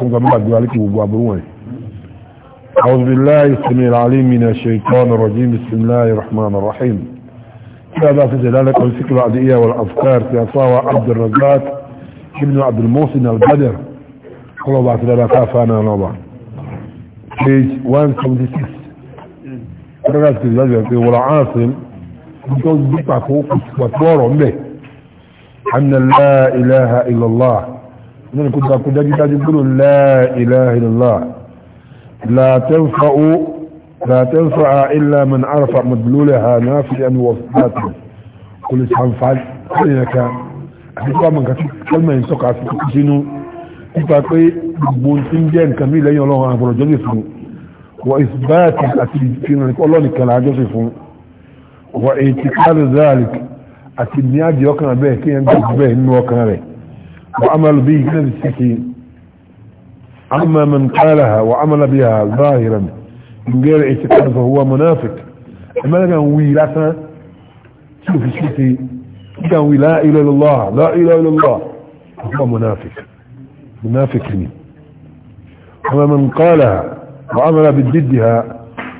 فنقى بعد ذلك وبابوين أعوذ بالله السميع العليم من الشيطان الرجيم بسم الله الرحمن الرحيم هذا في دلالة الفكر العدئية والأفكار تيصاوى عبد الرزاق ابن عبد المحسن البدر الله بعث لنا كافانا نوبا page 176 رجعت في الجزء في والعاصم بتوز بيبقى فوق وتورم به أن لا إله إلا الله من كنت أقول لك تقول لا إله إلا الله لا تنفع لا تنفع إلا من عرف مدلولها نافيا وصفاتا كل اسم فعل كلك أحبك من كتب كلمة ينسق في كتبينه إتاقي بونتين جين كميلة يولوها أبرو جلسه وإثبات أتبين لك الله لك لا جلسه وإتكال ذلك أتبنياجي وكنا به كي ينجز به إنه وكنا به وعمل به من السكين أما من قالها وعمل بها ظاهرا من غير اعتقاد فهو منافق أما كان ويلاتنا شوف الشيخي كان لا إله إلا الله لا إله إلا الله فهو منافق منافق لي يعني. أما من قالها وعمل بضدها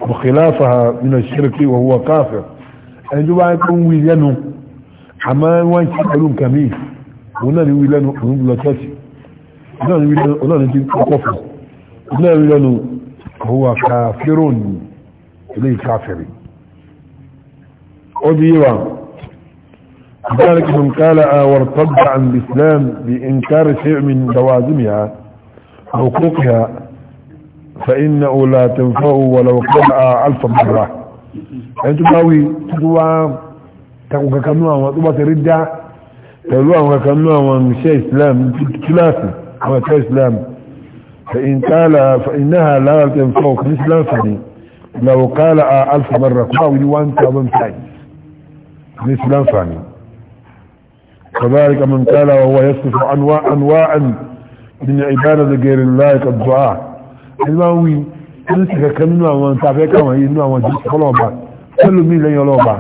وخلافها من الشرك وهو كافر أنجو بعد كون ويلانه أما وانشي علوم كميل òun náà ni wí lẹ́nu òun lọ ṣọ́ọ̀ṣì òun náà ni wí lẹ́nu òun náà ni ti kọ́kọ́ fún òun náà wí lẹ́nu òun wà ká fẹ́ràn ní ilé ìkáfẹ́rì ó di yíwa ذلك من قال وارتد عن الإسلام بإنكار شيء من دوازمها حقوقها فإنه لا تنفع ولو قلع ألف مرة أنت باوي تدوى تقوك كنوع وطبة ردة pẹ̀lú àwọn kankan náà àwọn iṣẹ́ islam kíláàsì àwọn ẹ̀kọ́ islam فإنها لا تنفع الإسلام فني لو قال ألف مرة قاوي وان تابن تاي الإسلام فني كذلك من قال وهو يصف أنواع أنواعا من عبادة غير الله كالدعاء الماوي نسك كنوا وان تابعك وان وان جيس قلوبا كل مين لن يلوبا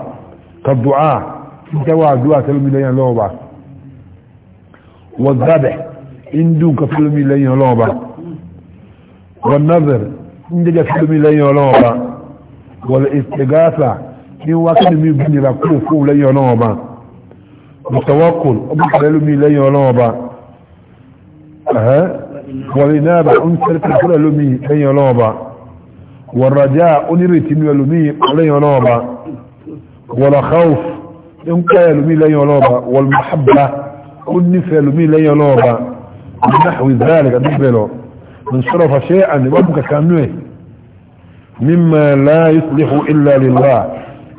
كالدعاء كوا دعاء كل مين لن يلوبا والذبح إن دونك فلمي لين لوبا والنظر إن دونك فلمي لين لوبا والاستغاثة إن وكل مي بني لكوفو لين لوبا والتوكل أبوك مي لين لوبا أها والنابع ان سرت كل مي لين لوبا والرجاء ان ريت مي لين لوبا ولا خوف إن كان مي لين لوبا والمحبة ó nífẹ̀ẹ́ lómi lẹ́yìn ọlọ́ọ̀ba ìdáhùn ذلك kàdí bẹ́ẹ̀ lọ من صرف شيئا وابقى كانوه مما لا يصلح إلا لله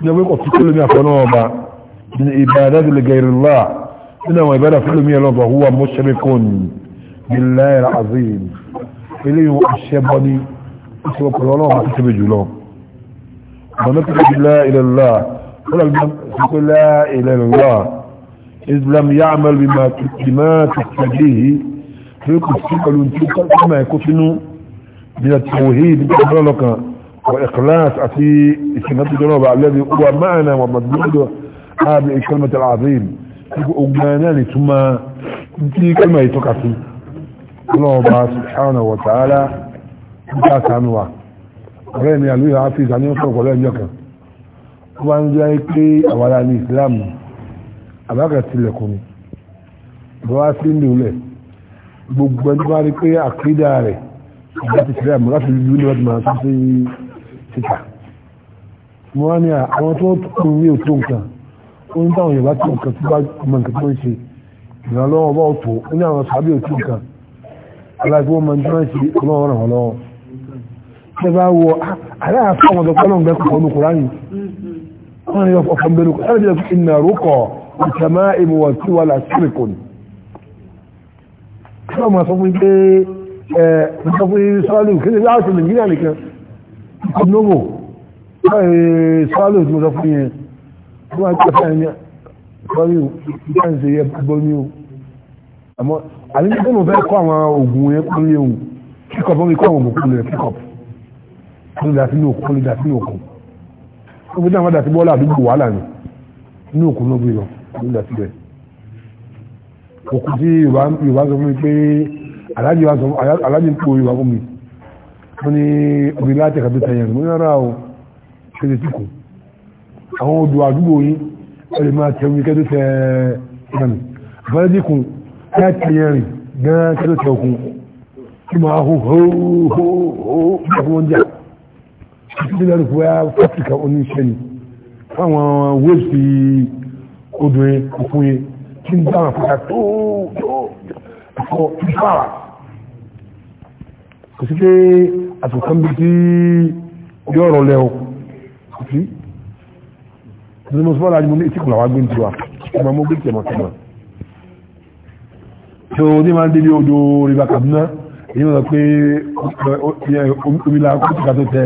نبقى في كل ما فنوبا من إبادات لغير الله إنما عبادة في كل ما لنبا هو مشرك بالله العظيم إليه الشبني اسوى كل الله ما تتبجوا له ونكتب لا إلى الله ولا لا إلى الله إذ لم يعمل بما بما تقتضيه فيقول كما يكون من التوحيد لك وإخلاص في سنة جنوب الذي هو معنا ومضمون هذه الكلمة العظيم أجناني ثم في كلمة يتوقع فيه الله سبحانه وتعالى بكاس عنوى غير يالوها عفيز عنه ولا يكن وان جايك لي أولا الإسلام àbáka tilẹ̀kùn ni bọ́wá sí ní ilẹ̀ gbogbo ẹni bá rí pé àkídà rẹ̀ ìgbà ti sílẹ̀ àmọ́ láti lulú ní wọ́n ti máa tún sí títà mo wá ní àwọn tó tún ní òtó nǹkan ó ní táwọn yorùbá tó nǹkan tó bá ọmọ nǹkan tó ń ṣe ìrànlọ́wọ́ bá òtó ó ní àwọn sàbí òtó nǹkan aláìsí wọn máa ń tún ṣe ọlọ́wọ́ ràn wọ́n lọ́wọ́ ṣe bá wọ aláàfọ́ ọmọdé pọ́lọ́ ń bẹ́ ìtàmáìmù wà tí wà lásìrìkùn kí wọ́n máa sọ fún pé ẹ̀ sọ fún sọ́ọ̀lù kí ni láti nàìjíríà nìkan ìkọ̀nọ́wò sọ́ọ̀lù tí mo sọ fún yẹn tí wọ́n tẹ̀ fún ẹ̀yẹ sọ́ọ̀lù ṣe yẹ gbọ́ o àmọ́ àlejò tó mo fẹ́ kọ́ àwọn oògùn yẹn kọ́ ní ewu kíkọ̀ bọ́ mi kọ́ àwọn oògùn rẹ̀ kíkọ̀ kọ́lù dà sínú òkun kọ́lù dà sínú òkun nígbà síbẹ̀ òkú tí yorùbá sọ fún mi pé aláàjì ń po yorùbá fún mi wọ́n ní obìnrin láti ẹ̀ka tó tẹ̀yẹ̀ mo ní rárá o ṣe lè tìkù àwọn odò àdúgbò yín ẹ lè máa tẹ̀wé kẹ́ tó tẹ̀ ẹ̀ka mi àfẹ́rẹ́ tìkù ẹ̀ tẹ̀yẹ̀ rìn gan kẹ́ tó tẹ̀ òkun kí máa hó hó hó hó ẹ̀kọ́ wọn jà títí lẹ́nu fún ẹ̀ áfíríkà oníṣẹ́ ni fáwọn wéèsì obìnrin fún yé kí n dáhùn fún yà tó ẹ̀fọ́ ìfàrà kò sí pé àtùkàn bí tí yóò rọ̀ lẹ́wọ̀ kò sí ní mo sọ́lá ní mo ní ìtìkùn àwọn agbé tiwa ọmọ mo gbé tẹ̀mọ̀ tẹ̀mọ̀ tó ní máa ń délé odò rìbá kàdúná èyí wọ́n sọ pé omi la kó tìka tó tẹ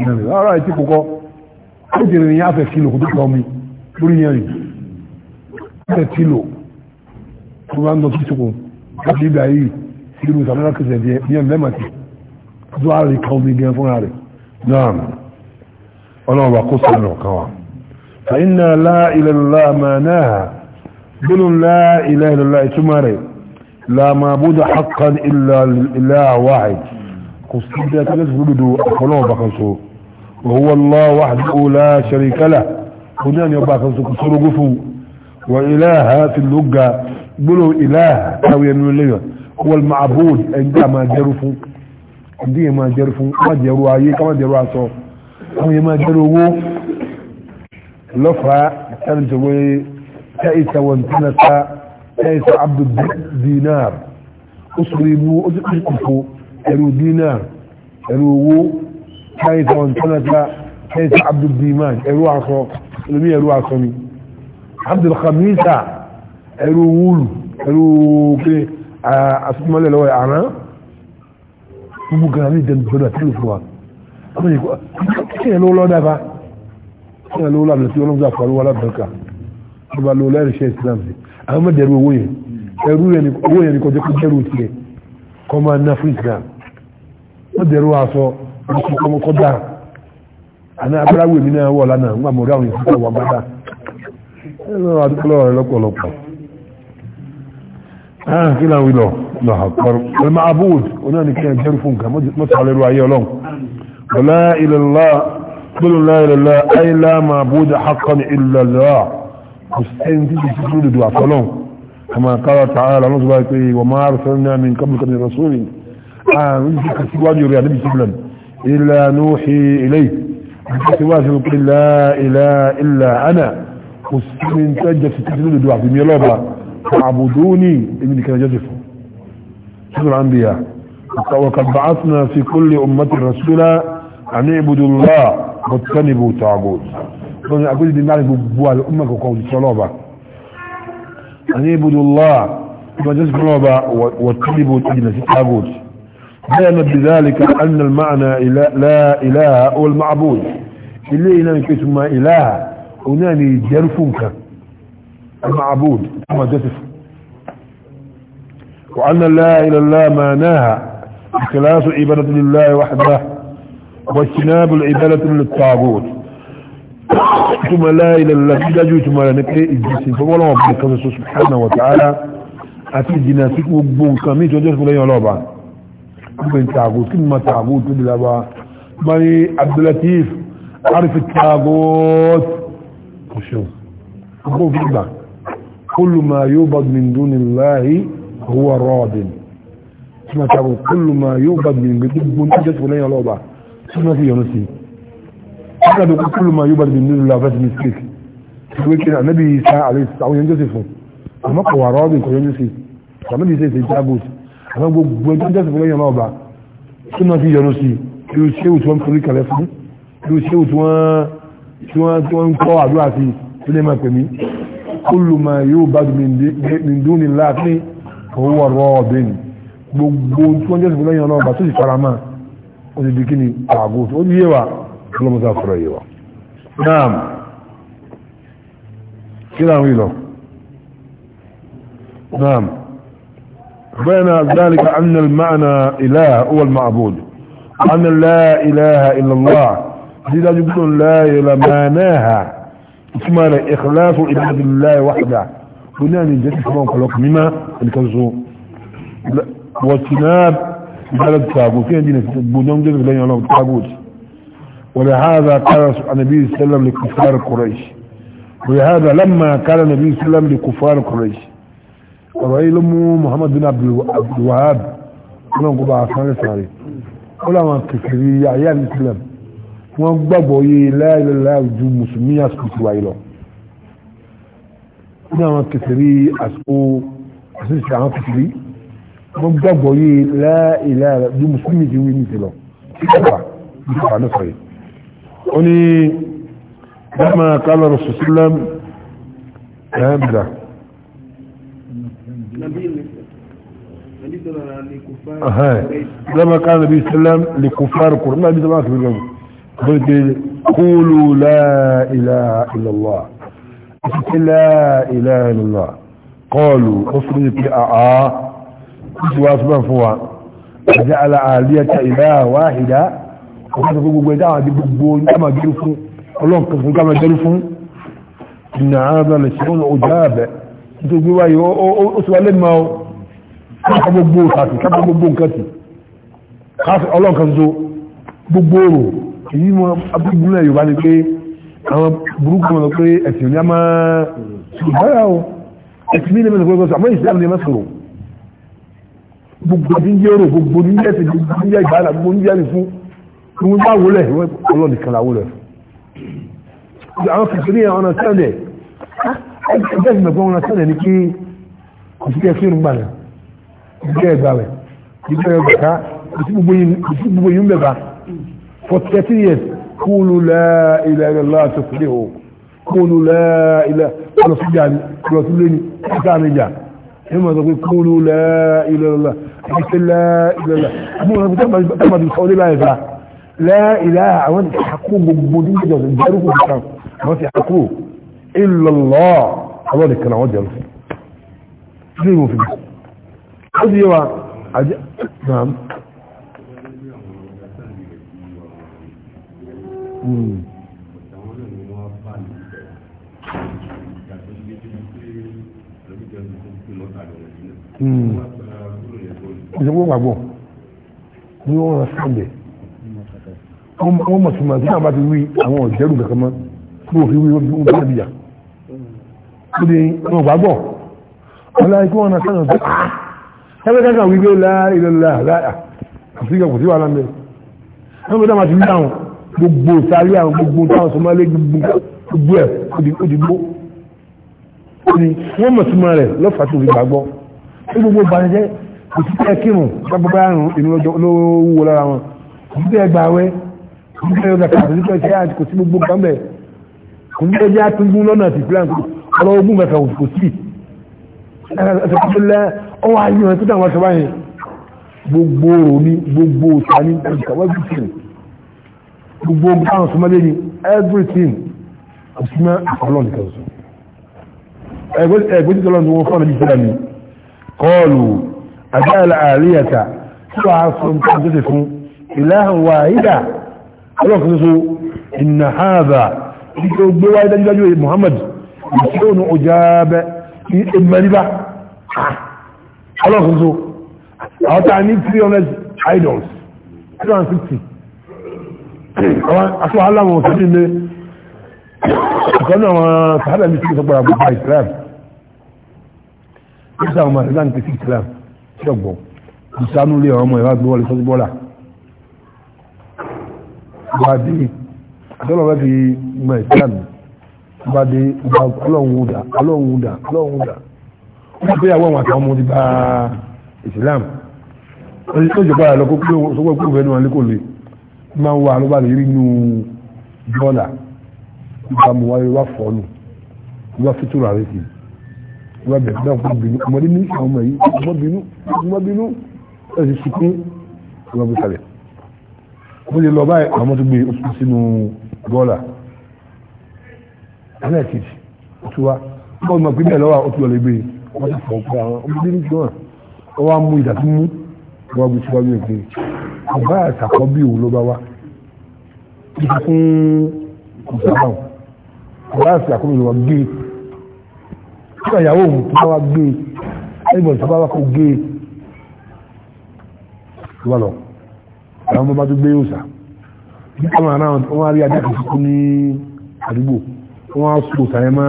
ìrìnàmì rárá ìtìkùn kọ́ ó ti rìnrìn yá fẹ́ kí lòkùn tó tọ́ mi lórí yẹn rìn rẹ̀ tí lò tó bá ń lọ sí tukùn láti ibà yìí sí irú sàmúlá kìsẹ̀ díẹ̀ ní ẹ̀ mẹ́mà tí tó á rí kan omi gan fúnra rẹ̀ náà ọlọ́run bá kó sọ̀rọ̀ ọ̀kan wa fa inna la ilaha náà gbónú la ìtumọ̀ rẹ̀ la maabuda haqqan illa ilahu kò sí bí a tẹ́lẹ̀ sùgbọ́n dodo ọ̀pọ̀lọ́wọ́ bá kan so wa huwa Allah wahdahu la sharika وإله في اللغة قلوا إله أو ينوليه هو المعبود عندها ما جرفوا عندها ما جرفوا ما جروا أيه كما جروا أصو هم ما جروا لفها تنتوي تأس وانتنس تأس عبد الدينار أصرموا أصرموا أرو دينار أرو تأس وانتنس تأس عبد الديمان أرو أصو لم يرو أصوني abdul khamisa ẹrù wúlù ẹrù pé asúnmọ́lẹ̀ lọ́wọ́ àná gbogbo gara ní ìdẹ́nu gbọdọ̀ tẹ́lẹ̀ fún wa ọmọ yìí kí ẹ lówó lọ́dà bá kí ẹ lówó lọ́dà tí ọlọ́mọdé àfọwọ́ alábẹ́ẹ̀ká ló bá lówó lẹ́rìí ṣe islam sí àwọn ọmọdé ẹrù owó yẹn ẹrù owó yẹn ni kọjá kó dẹrù tiẹ̀ kọ́ máa ná fún islam wọ́n dẹrù aṣọ ọmọkọ́ dáa àná abúláwò èmi náà wọ̀ lánàá ń gbà mọ̀ ẹlọ́rọ̀ adúgbò rẹ̀ lọ́pọ̀lọpọ̀ ẹ̀hàn kí láwọn ilọ̀ lọ́hàkọ́rọ̀ ẹ̀mà abúd onáníkẹ́ jẹ́rù fún nǹkan mọ́sàlẹ́rù ayé ọlọ́run wọlá ilẹ̀lá gbọ́lọ́lá ilẹ̀lá ayélá ma bóódà hakan ilẹ̀lá kò sẹ́yìn tí kìí fún ìdùdù àfọlọ́n àmà kára tààrà lọ́nà tó bá pé wọ́n máa rẹ̀ sẹ́yìn náà mi nǹkan bí kàmì rasúlì àrùn ti kà síwájú rẹ̀ àdébì sílẹ̀ ilẹ̀ nuhi ilẹ̀ àti síwájú pé lá ilẹ̀ ilẹ̀ ana وستين تجد في تجد في ميلوبا عبدوني من كان جزفه سيد الانبياء وقد بعثنا في كل امة الرسولة ان اعبدوا الله واتنبوا تعبود فانا اقول دي ببوا لامة وقول صلوبة ان اعبدوا الله واتنبوا تعبود واتنبوا تعبود بيان بذلك ان المعنى لا اله هو المعبود اللي هنا يكون اله هناني náà المعبود وأن لا إلى الله ما ناهى خلاص عبادة لله وحده واجتناب العبادة للطاغوت ثم لا إلى الله إذا جو ثم لا نكري الجسم فولا وبركاته سبحانه وتعالى أتي جناسك وبون كميت وجسك لا يعلوبا من تعبود كل ما تعبود كل ما عبد اللطيف عرف التاغوت kò ṣeun gbogbo gbígbà kullu ma yu'bad min dunillahi huwa radin tí ma tàbí kullu ma yu'bad min gbogbo ní jẹ́ tòlẹ́yìn ọlọ́ọ̀bà tí ma fi yọnu sí nígbàdó kullu ma yu'bad min dunillahi fẹ́sì mistake tí wé kí ànábì isa àlẹ́ àwọn yẹn jọ́sìn fún àmọ́ kò wà radin kò yọnu sí ànábì isa ìsẹ̀ jábòt àmọ́ gbogbo ní jẹ́ tòlẹ́yìn ọlọ́ọ̀bà fún irú ṣéwù tí wọ́n tí wọ́n tí wọ́n ń kọ́ àdúrà sí tó lè máa pè mí kullu ma yu'badu min dunillahi huwa raddin gbogbo tí wọ́n jẹ́sìn lẹ́yìn ọlọ́run bá tó sì fara máa ó ti di kí ni àgó tó ó yé wa ọlọ́mọsá fọ̀rọ̀ yé wa. naam kí làwọn ìlọ naam بين ذلك أن المعنى إله هو المعبود أن لا إله إلا الله دي لا يقول لا الى معناها اسمها الاخلاص عباد الله وحده هنا من جد اسمهم كلوك مما الكنزو واتناب على التابوت فين دينا بنيان جد لا يعلم التابوت ولهذا قال النبي صلى الله عليه وسلم لكفار قريش ولهذا لما قال النبي صلى الله عليه وسلم لكفار قريش قال محمد بن عبد الوهاب قال لهم قبعة ثانية ثانية قال لهم عيال الإسلام wọ́n gbàgbọ́ yé láìláìlá ju mùsùlùmí àsìkò tiwa yìí lọ ní àwọn kẹsìrí àsìkò àṣìṣe àwọn kẹsìrí wọ́n gbàgbọ́ yé láìláìlá ju mùsùlùmí ti wí ní ti lọ ìjọba ìjọba ló sọ yìí. ó ní dáhùn kálọ̀ rọ̀ṣọ̀ṣílẹ̀m ẹ̀ẹ́dà. لما كان النبي صلى الله عليه وسلم قلت قولوا لا إله إلا الله لا إله إلا الله قالوا أصلي في أعا أسوى أصبح فوا جعل آلية إله واحدة وقد قلوا قلوا دعوا بقبون كما جرفوا اللهم قصوا كما جرفوا إن هذا لشيء عجاب تقولوا أسوى لما كما قبون كاتي كما قبون كاتي خاص اللهم قصوا بقبونه èyí mọ abúgbúnlẹ̀ yorùbá ni pé àwọn burúkú mọ̀ pé ẹ̀sìn ní a máa ṣùgbọ́n o ẹ̀sìn ní ilé mẹ́sàn gbogbo àmọ́ ìsìlámù ní mẹ́sàn o gbogbo ní jẹ́ orò gbogbo ní jẹ́ ti gbogbo ní jẹ́ ìgbàlá gbogbo ní jẹ́ ìfún ìwọ̀n bá wọlé ọlọ́ọ̀dì kan láwọ́ rẹ̀ àwọn kìtìrí ọ̀nà sẹ́ndẹ̀ ẹgbẹ́ ìgbẹ̀gbọ́n ọ̀nà sẹ́ndẹ̀ ní kí kòsíkẹ́ fíìmù gbà rẹ̀ ìgbẹ́ ẹgbà rẹ̀ ìgbẹ́ ẹgbà ká kòsí gbogbo yìí ń bẹ̀bà فتكتية قولوا لا إله إلا الله تفلحوا قولوا لا إله أنا صدعني رسولني أتعني جان إما تقول قولوا لا إله إلا الله حيث لا إله إلا الله أبونا تم بالحوالي لا يفعل لا إله أولا حقوق بمدين جزء جاروه بكام ما في حقوه إلا الله حضاري كان عوضي يا رسول في المفيد عزيوا نعم àwọn náà ni wọ́n bá mi bẹ̀ yàtọ̀ sí ibi tí ẹlòmíjọ ti kó pé lọ́tà lọ́wọ́ sílẹ̀ wọ́n gba kúrò yẹn bọ́ọ̀lù. ìṣègùn gbàgbọ́ ni wọ́n rán sáàbẹ̀ wọ́n mọ̀ sí ma tí àwọn bá ti wí àwọn ọ̀jẹ́rù kankan mọ́ tí wọ́n fi wí wọ́n bá bìyà ó di wọn gbàgbọ́ ọlọ́run kí wọ́n rán sáàbẹ̀ pé ah ẹgbẹ́ kankan wí pé láìlọ́lá láà àti ìgbà kò sí wàhálà mẹ́rin wọ́n mọ̀ tí wọ́n ti wí láwọn gbogbo sáré àwọn gbogbo táwọn sọmọlé gbogbo ẹ̀ òdìgbò ni wọ́n mọ̀ súnmọ́ rẹ̀ lọ́fà tó fi gbàgbọ́ ní gbogbo ìbànújẹ́ kò sí tẹ́ kírun gbàgbọ́gbà àrùn ìlú lówó lára wọn kò sí tẹ́ gbàwẹ́ kò sí tẹ́ yọgà kàtó sí tẹ́ ṣe àti kò sí gbogbo gbàmbẹ̀ kò sí tẹ́ jẹ́ àtúngún lọ́nà àti ìpínlẹ̀ ọ̀rọ̀ ogún kàkà kò sí ẹ̀sẹ̀kọ́sílẹ̀ ọwọ́ ayé wọn tó dáwọn aṣọ báyìí gbogbo òní gbogbo òtání ìkàwé bìtìrì gbogbo gbáhùn súnmọ́lé ni everything súnmọ́ àkọlọ́n nìkan sùn ẹgbẹ́ títọ́lọ́ ní wọ́n fọ́nà jíjẹ́ mi kọlù àjáàlà àríyàta tí wà á sọ nǹkan tó ti fún ìlàhàn wà ìdà ọlọ́kùnrin so ìnà hàzà ìjọ gbé wáyé 300 ah! idols 250 aṣọ aláwọ̀ òṣèlú ilé ọ̀kanú àwọn sàádà bí síkè sọgbàrà gbogbo islam ní sàwọn marisán ti sí islam ṣọ̀gbọ̀ ìsánú lé ọmọ ìwà gbé wọlé sọ́jú bọ́là gbàdé àtọ́lọ́ bá fi gba islam gbàdé ọlọ́wùdà ọlọ́wùdà ọlọ́wùdà wọ́n pé àwọn àti ọmọ ti bá islam wọ́n ti tó jọba àlọ́kọ́ pé ó sọ́gbọ́ pé ó fẹ́ nu àlékò lè máa ń wá ló bá lè rí inú dọ́là nípa mo wáyé wá fọ́ọ̀nù wá fi túnra rẹ̀ sí wá bẹ̀rẹ̀ náà fún bínú ọmọdé ní àwọn ọmọ yìí ọmọ bínú ọmọ bínú ẹ̀ sì sùkún ìwà bí kalẹ̀ ó lè lọ báyìí àwọn tó gbé oṣù e, sínú dọ́là ẹlẹ́ẹ̀kejì ó tún wá bọ́ọ̀lù máa gbé bẹ́ẹ̀ lọ́wọ́ ó tún lọ gbé e. wọ́n ti fọ̀ àwọn ọmọdé ní gbọ́n ọ wá mú ìdàtúmú wọ́n gbé síwájú ẹ̀ e àbá àtàkọ́ bí òun ló bá wá bí fún ìsàmáwò àbá àtàkọ́ bí òun wá gé nígbà ìyàwó òun tó bá wá gé ẹgbẹ̀rún tó bá wá kó gé ló bá lọ àwọn ọmọ bá tó gbé yóò sà bí wọn máa náà wọn rí ajá kan kúkú ní àdúgbò wọn á sùn sàyẹ mọ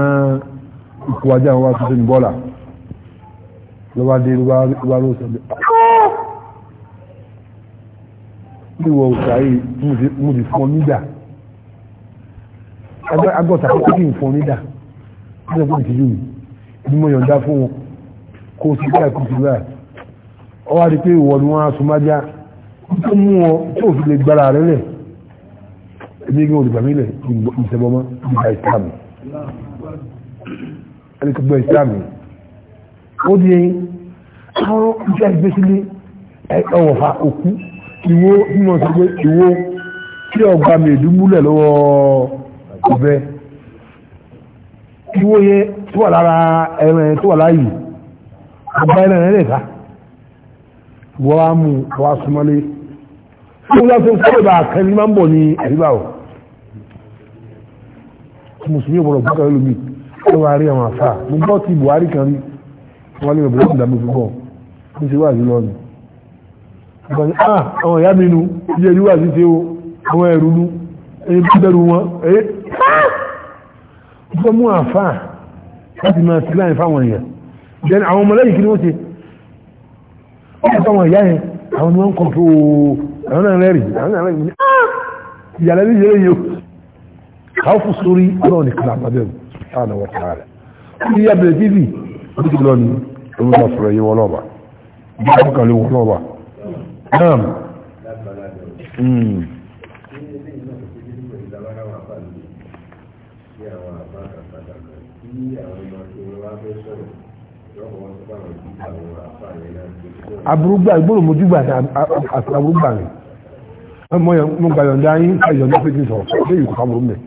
ikú ajá wọn wá tuntun ní bọ́ọ̀là ló bá ló bá ló sọ ah, ní wọ òṣàyè mo lè fọ nídà agbọ́ta kó kí n fọ nídà nígbà tó ti yùmí ni mo yọ̀ǹda fún wọn kó o sì bá ẹ̀kọ́ sí báyà ọ wá rí pé ìwọ ni wọ́n á sọ májá tó mú wọn tó fi lè gbára rẹ lẹ̀ ẹbí gbé olùgbàmí lẹ̀ ìṣẹ̀bọmọ́ ìgbà ìsàmì ẹnìkọ́gbọ́ ìsàmì ó di ẹyin àwọn ìjà ìgbésílẹ̀ ọ̀wọ̀fà òkú ìwó mímọ̀ sí pé ìwó tí ọgbà mèdú múlẹ̀ lọ́wọ́ ọ̀bẹ ìwó yẹ tó wà lára ẹran tó wà láàyè ọgbà ẹran ẹ̀rẹ́ ìta wọ́n á mú wọ́n á súnmọ́lé fún láti ń kọ́ ìbá kẹni máa ń bọ̀ ní àríbá O mùsùlùmí ọ̀pọ̀lọ̀ bákan lómi ó wá rí àwọn àfà mo gbọ́ ti Buhari kan rí wọ́n lè bọ̀ lọ́sùn dàmú fún bọ̀ ó ti wá àjùlọ ni ìbàdí ah àwọn ìyá mi nu iye ìlú àti ṣe o àwọn ẹ̀rù nu ẹni bí bẹ̀rù wọn ẹ̀ gbọ́ ah! mú àfà láti máa ti láyìn fáwọn èèyàn jẹ́ni àwọn ọmọlẹ́yìn kí ni wọ́n ṣe wọ́n fáwọn ìyá yẹn àwọn ni wọ́n kọ̀ tó àwọn náà rẹ́rì àwọn náà rẹ́rì ah! ìyàlẹ́ ní ìyẹ́lẹ́ yìí káwọ́ fún sórí ọlọ́run nìkan àbábẹ́rù sáànà wọ́n tààrà rẹ̀ ní ìyá bẹ̀rẹ̀ tv wọ́n ti lọ ní ọmọ ìfọ̀rọ̀ yìí wọ́n lọ́ọ̀bà Naam. Hmm. Aburúgbà ìgbóòrò mojúgbà àti aburúgbà rẹ̀. Ọmọ mo gbà yọ̀ǹda yín ìyọ̀ǹda pé kí n sọ̀rọ̀ lé ìkọ̀ aburú mẹ́.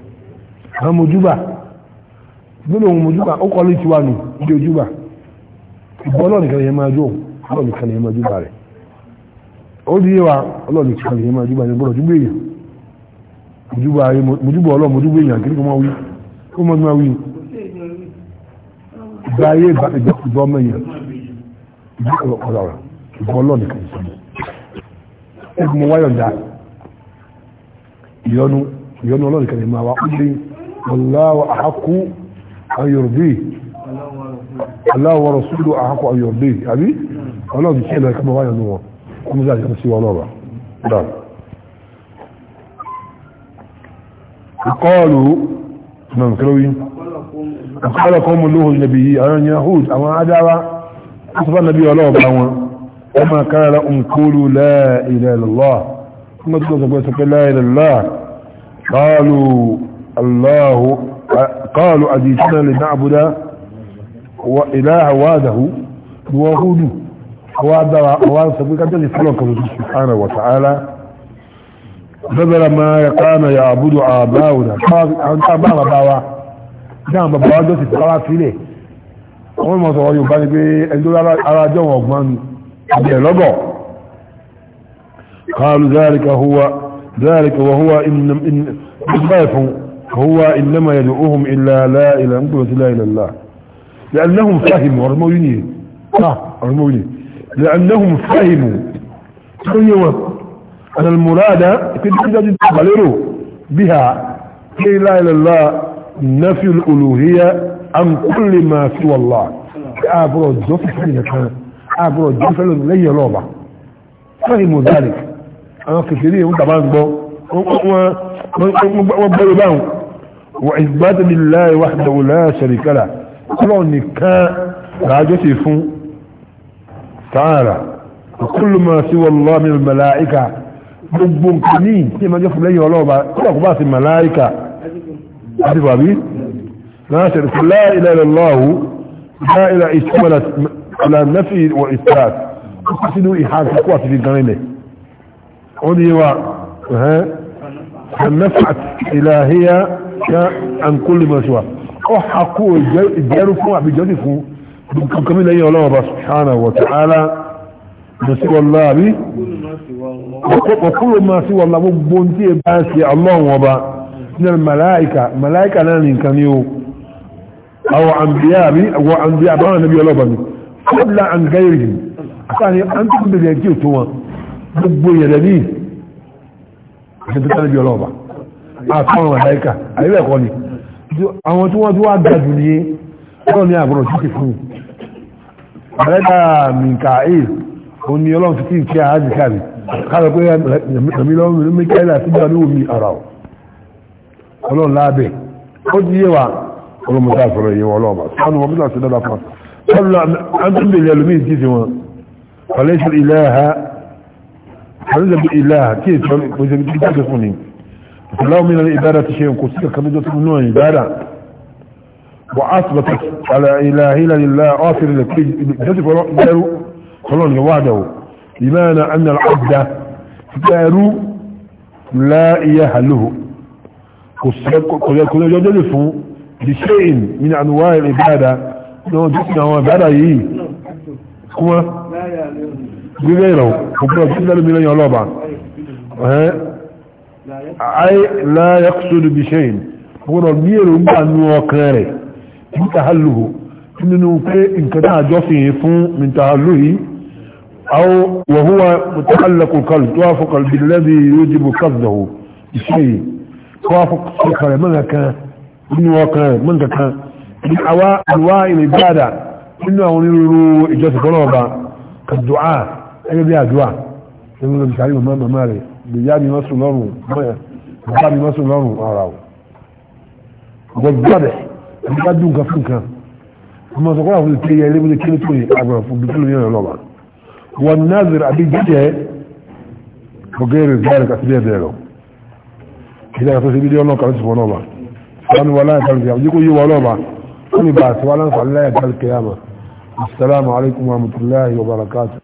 Àwọn mojúgbà gbóòrò ohun mojúgbà ó kọ́ lé tiwa nù ní ojúgbà. Ìbọn náà n'i. yẹn máa jó, náà nìkan yẹn máa júgbà rẹ̀. ó di wa ọlọ́ọ̀lù tí a lè máa jùbọ̀ àyẹ̀bọ̀ jùbọ̀ èèyàn mojúbọ̀ ayé mojúbọ̀ ọlọ́ọ̀ mojúbọ̀ èèyàn kí ni kò máa wí kó máa máa wí ìgbà ayé ìgbà ọmọ èèyàn ìgbà ọ̀rọ̀ ọ̀rọ̀ ìgbà ẹ kò mọ wáyọ̀ dá ìyọnu ìyọnu ó di àhákú kúmúdà yọ sí ọlọ́rọ̀ dáa ìkọlù náà kílówí àkọlọ̀ kan mú lóhùn nàbí yìí àwọn yahud àwọn adáwa tó sọ́fà nàbí ọlọ́ọ̀bá wọn wọ́n máa kára la ń kúlù la ilaha illallah wọ́n máa tó sọ pé la ilaha illallah qalu allah qalu àdìsínà lè náà àbúdá wa ilaha wahdahu wọ́n húdù وادرى اوان صديقا الذي سلوك سبحانه وتعالى بدل ما كان يعبد آباؤنا قال آباء بابا نعم بابا دوسي تقرأ فيلي wọ́n mọ̀ sọ̀rọ̀ yóò bá ní pé ẹjọ́ ara jọun ọ̀gbọ́n ní àbẹ̀ lọ́gọ̀ kààlù záàríkà wọ́húwá ìbáyẹ̀fún wọ́húwá ìlẹ́mà yẹ̀dù ohun ìlàlá ìlànà لأنهم فهموا أيوة أن المراد تقلروا بها كي لا إله إلا الله نفي الألوهية عن كل ما سوى الله أبرو الجفة كان أبرو الجفة لي لوبة فهموا ذلك أنا كثيرين وانت وبرو باهم وإثبات لله وحده لا شريك له قالوا نكا راجتي فون تعالى وكل ما سوى الله من الملائكة gbogbo kìíní tí ma jẹ́ fún lẹ́yìn ọlọ́ọ̀bá kọ́lọ̀kọ́ bá sí màláíkà àti bàbí náà ṣe rẹ̀ láìlẹ̀ lọ́wọ́ láìlẹ̀ ìṣẹ́mọ̀lá alànàfí wọ ìsìláàt kọ́kọ́ sínú ìhà àkọ́kọ́ àti fi gan ilẹ̀ ó ní wa sanafat ilahiya ya an kulli masuwa ó ìjẹ́rú fún àbíjọ́dì fún kankan lẹ́yìn ọlọ́wọ́ bá subhanahu wa ta'ala lọ́síwọ́lá àbí ọkùnrin máa síwọ́lá gbogbo tí ẹ bá ṣe ọlọ́wọ́ ọba ní màláìkà màláìkà náà ní nǹkan ní o àwọn àǹbíyà àbí àwọn àǹbíyà àbáwọn níbi ọlọ́ba ni fọ́bùlà àǹgáyèrè àtàní àǹtìkùnbẹ̀rẹ̀ tí ò tó wọn gbogbo yẹ̀rẹ̀ ní ìṣẹ́ntẹ́tà níbi ọlọ́ba àtàwọn màláìkà àyẹ̀wẹ̀kọ́ ni àwọn tí wọ́n tó wá gbàdùn ní ọlọ́ni àbúrò tí ó ti fún mi rẹ́dà mikael òun ni ọlọ́run títí ìkí àájì káàrí káàrí pé ẹ̀mí lọ́rùn mikael àti ìjọ ní omi ara ọlọ́run lábẹ́ ó ti yé wa ọlọ́mọdé àfọ̀rọ̀ yìí wọn ọlọ́ọ̀bà sánú wọn bílà sí dára fún sọ́nà àtúndèlè ẹlòmíì tí ti wọn ọlẹ́sìn ilẹ̀ ha ọlẹ́sìn ilẹ̀ ha tí ètò ìpèsè ìdájọ́ fún ni ìpìlẹ̀ وأثبتت على إله إلا لله آخر دارو خلون يوعده بمعنى أن العبد دارو لا إياه له كنا يجلس بشيء من أنواع العبادة كنا جسنا وعبادة إيه كما بغيره كنا جسنا من يولوبا أي لا يقصد بشيء هو نمير أنواع كاره من تهله nínú pé nǹkan náà jọ́sìn fún min tahalluhi aw wa huwa mutahallaqul qalb tuwafiq alladhi yujibu qasdahu ishay tuwafiq sikare man kan nínú ọkàn man kan ni awa alwa il ibada nínú àwọn irú ìjọsìn ko loba ka du'a ege bi àdúà nínú bi sari mama mama re bi ya bi masu lorun ba bi masu lorun ara o gbogbo àbí ká dùn nǹkan fún nǹkan ọmọ sọ kọ́ra fún ìpínlẹ̀ ilé ìwé kíló tó yẹ agbára fún bí kíló yẹn lọ́wọ́ wọn náà zèrè àbí jíjẹ ọgẹ́rẹ́ gáàrẹ́ kàtí bẹ́ẹ̀ bẹ́ẹ̀ lọ ìdá yàtọ̀ sí bídíọ̀ náà kàtí fún ọlọ́ba sani wà láyé tàbí àwọn jíkó yé wà ọlọ́ba wọn ni bá wà láyé tàbí kẹyàmà assalamu wa rahmatullahi wa barakatuh